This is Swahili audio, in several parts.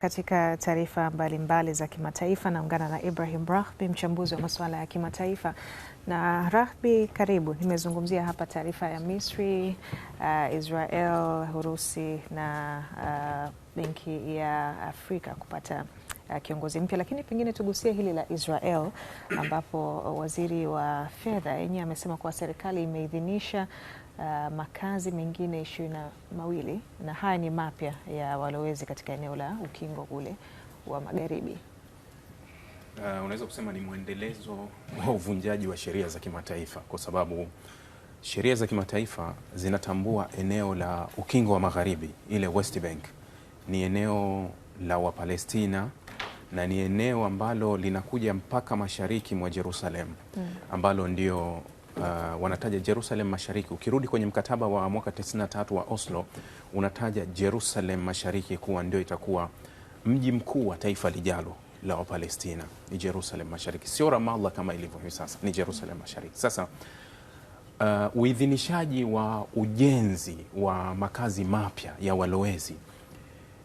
Katika taarifa mbalimbali za kimataifa naungana na Ibrahim Rahbi, mchambuzi wa masuala ya kimataifa. Na Rahbi, karibu. Nimezungumzia hapa taarifa ya Misri, uh, Israel, Urusi na uh, benki ya Afrika kupata uh, kiongozi mpya, lakini pengine tugusie hili la Israel ambapo waziri wa fedha yenyewe amesema kuwa serikali imeidhinisha uh, makazi mengine ishirini na mawili na haya ni mapya ya walowezi katika eneo la ukingo kule wa magharibi. Uh, unaweza kusema ni mwendelezo wa uvunjaji wa sheria za kimataifa kwa sababu sheria za kimataifa zinatambua eneo la ukingo wa magharibi, ile West Bank ni eneo la Wapalestina na ni eneo ambalo linakuja mpaka mashariki mwa Jerusalem mm. ambalo ndio uh, wanataja Jerusalem Mashariki. Ukirudi kwenye mkataba wa mwaka 93 wa Oslo unataja Jerusalem Mashariki kuwa ndio itakuwa mji mkuu wa taifa lijalo la Wapalestina ni Jerusalem Mashariki, sio Ramallah kama ilivyo hivi sasa, ni Jerusalem Mashariki. Sasa uh, uidhinishaji wa ujenzi wa makazi mapya ya walowezi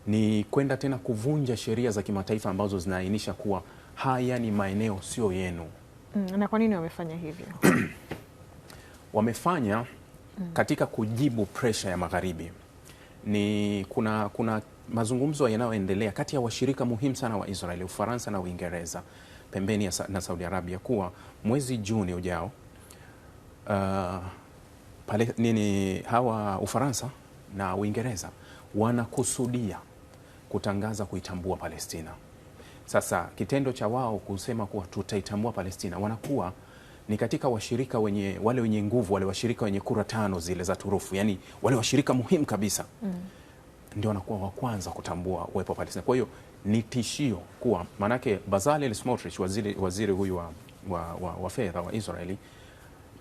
ni kwenda tena kuvunja sheria za kimataifa ambazo zinaainisha kuwa haya ni maeneo sio yenu. Mm, na kwa nini wamefanya hivyo? wamefanya katika kujibu presha ya magharibi. Ni kuna, kuna mazungumzo yanayoendelea kati ya washirika muhimu sana wa Israeli, Ufaransa na Uingereza pembeni ya, na Saudi Arabia kuwa mwezi Juni ujao uh, pale, nini hawa Ufaransa na Uingereza wanakusudia kutangaza kuitambua Palestina. Sasa kitendo cha wao kusema kuwa tutaitambua Palestina, wanakuwa ni katika washirika wenye wale wenye nguvu, wale washirika wenye kura tano zile za turufu, yani wale washirika muhimu kabisa mm. ndio wanakuwa wa kwanza kutambua uwepo wa Palestina. Kwa hiyo ni tishio kuwa, maanake Bezalel Smotrich, waziri, waziri huyu wa, wa, wa, wa fedha wa Israeli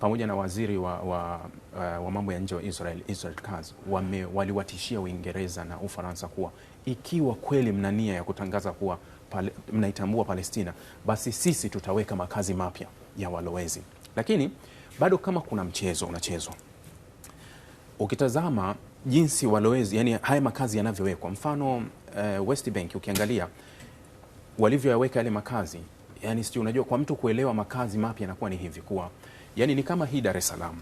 pamoja na waziri wa, wa, uh, wa mambo ya nje wa Israel Israel Katz waliwatishia Uingereza na Ufaransa kuwa ikiwa kweli mna nia ya kutangaza kuwa pale, mnaitambua Palestina basi sisi tutaweka makazi mapya ya walowezi. Lakini bado kama kuna mchezo unachezwa, ukitazama jinsi walowezi, yani haya makazi yanavyowekwa, mfano uh, West Bank ukiangalia walivyoyaweka yale makazi, yani sio, unajua kwa mtu kuelewa makazi mapya yanakuwa ni hivi kuwa yani ni kama hii Dar es Salaam,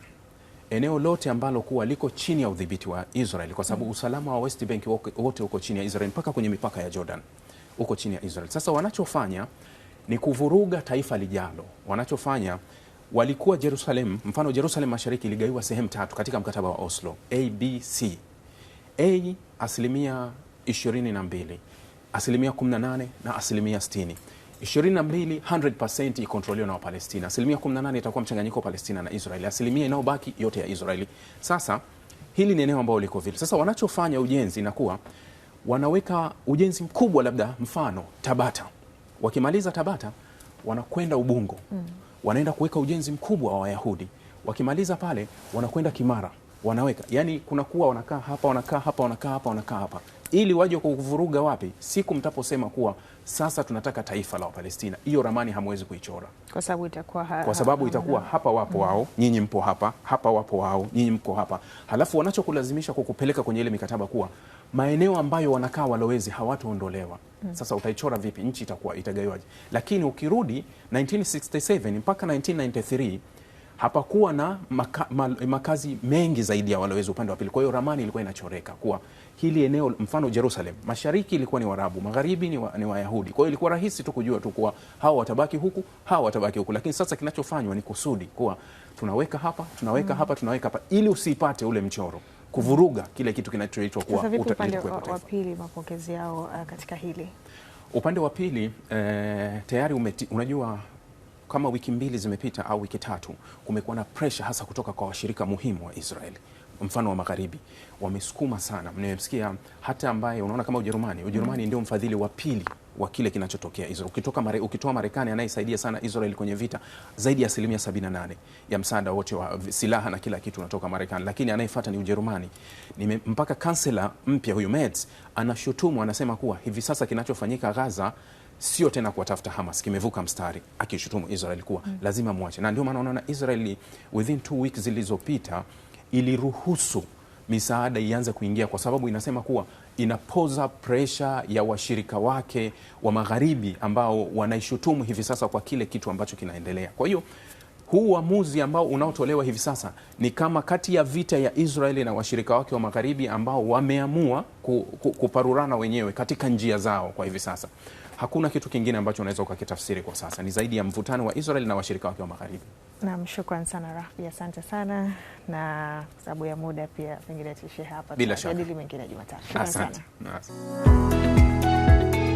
eneo lote ambalo kuwa liko chini ya udhibiti wa Israel, kwa sababu mm. usalama wa West Bank wote uko chini ya Israel, mpaka kwenye mipaka ya Jordan uko chini ya Israel. Sasa wanachofanya ni kuvuruga taifa lijalo. Wanachofanya walikuwa Jerusalem, mfano Jerusalem Mashariki iligaiwa sehemu tatu katika mkataba wa Oslo, A, B, C. A asilimia 22, asilimia 18 na asilimia 60. 22 ikontroliwa na Wapalestina, asilimia 18 itakuwa mchanganyiko wa Palestina na Israeli, asilimia inayobaki yote ya Israeli. Sasa hili ni eneo ambalo liko vile. Sasa wanachofanya ujenzi inakuwa wanaweka ujenzi mkubwa, labda mfano Tabata, wakimaliza Tabata wanakwenda Ubungo, mm. wanaenda kuweka ujenzi mkubwa wa Wayahudi, wakimaliza pale wanakwenda Kimara wanaweka yani, kuna kuwa wanakaa hapa wanakaa hapa wanakaa hapa wanakaa hapa ili waje kuvuruga wapi? Siku mtaposema kuwa sasa tunataka taifa la Wapalestina, hiyo ramani hamwezi kuichora kwa sababu itakuwa, ha kwa sababu itakuwa hapa wapo mm. wao, nyinyi mpo hapa, hapa wapo wao, nyinyi mko hapa, halafu wanachokulazimisha kukupeleka kwenye ile mikataba kuwa maeneo ambayo wanakaa walowezi hawataondolewa. Mm. Sasa utaichora vipi? Nchi itakuwa itagaiwaje? Lakini ukirudi 1967 mpaka 1993 hapakuwa na maka, makazi mengi zaidi ya walowezi upande wa pili. Kwa hiyo ramani ilikuwa inachoreka kuwa hili eneo, mfano Jerusalem mashariki ilikuwa ni Waarabu, magharibi ni Wayahudi. Kwa hiyo ilikuwa rahisi tu kujua tu kuwa hawa watabaki huku, hawa watabaki huku. Lakini sasa kinachofanywa ni kusudi kuwa tunaweka hapa, tunaweka mm, hapa, tunaweka hapa ili usipate ule mchoro kuvuruga kile kitu kinachoitwa kuwa upande wa pili. Mapokezi yao uh, katika hili upande wa pili eh, tayari umeti, unajua kama wiki mbili zimepita au wiki tatu, kumekuwa na presha hasa kutoka kwa washirika muhimu wa Israeli mfano wa magharibi wamesukuma sana. Nimemsikia hata ambaye unaona kama Ujerumani, Ujerumani mm, ndio mfadhili wa pili wa kile kinachotokea Israel. Ukitoka mare, ukitoa Marekani anayesaidia sana Israel kwenye vita, zaidi ya asilimia 78 ya msaada wote wa silaha na kila kitu unatoka Marekani, lakini anayefuata ni Ujerumani. Nime, mpaka kansela mpya huyu Merz anashutumu, anasema kuwa hivi sasa kinachofanyika Gaza sio tena kuwatafuta Hamas, kimevuka mstari akishutumu Israel kuwa mm. lazima mwache, na ndio maana unaona Israel within two weeks zilizopita iliruhusu misaada ianze kuingia kwa sababu inasema kuwa inapoza presha ya washirika wake wa magharibi ambao wanaishutumu hivi sasa kwa kile kitu ambacho kinaendelea. Kwa hiyo huu uamuzi ambao unaotolewa hivi sasa ni kama kati ya vita ya Israeli na washirika wake wa magharibi ambao wameamua ku, ku, kuparurana wenyewe katika njia zao. Kwa hivi sasa hakuna kitu kingine ambacho unaweza ukakitafsiri kwa sasa, ni zaidi ya mvutano wa Israeli na washirika wake wa magharibi. Naam, shukran sana Rahbi, asante sana, na sababu ya muda pia pengine tuishie hapa, bila shaka jadili mengine Jumatatu. Asante sana.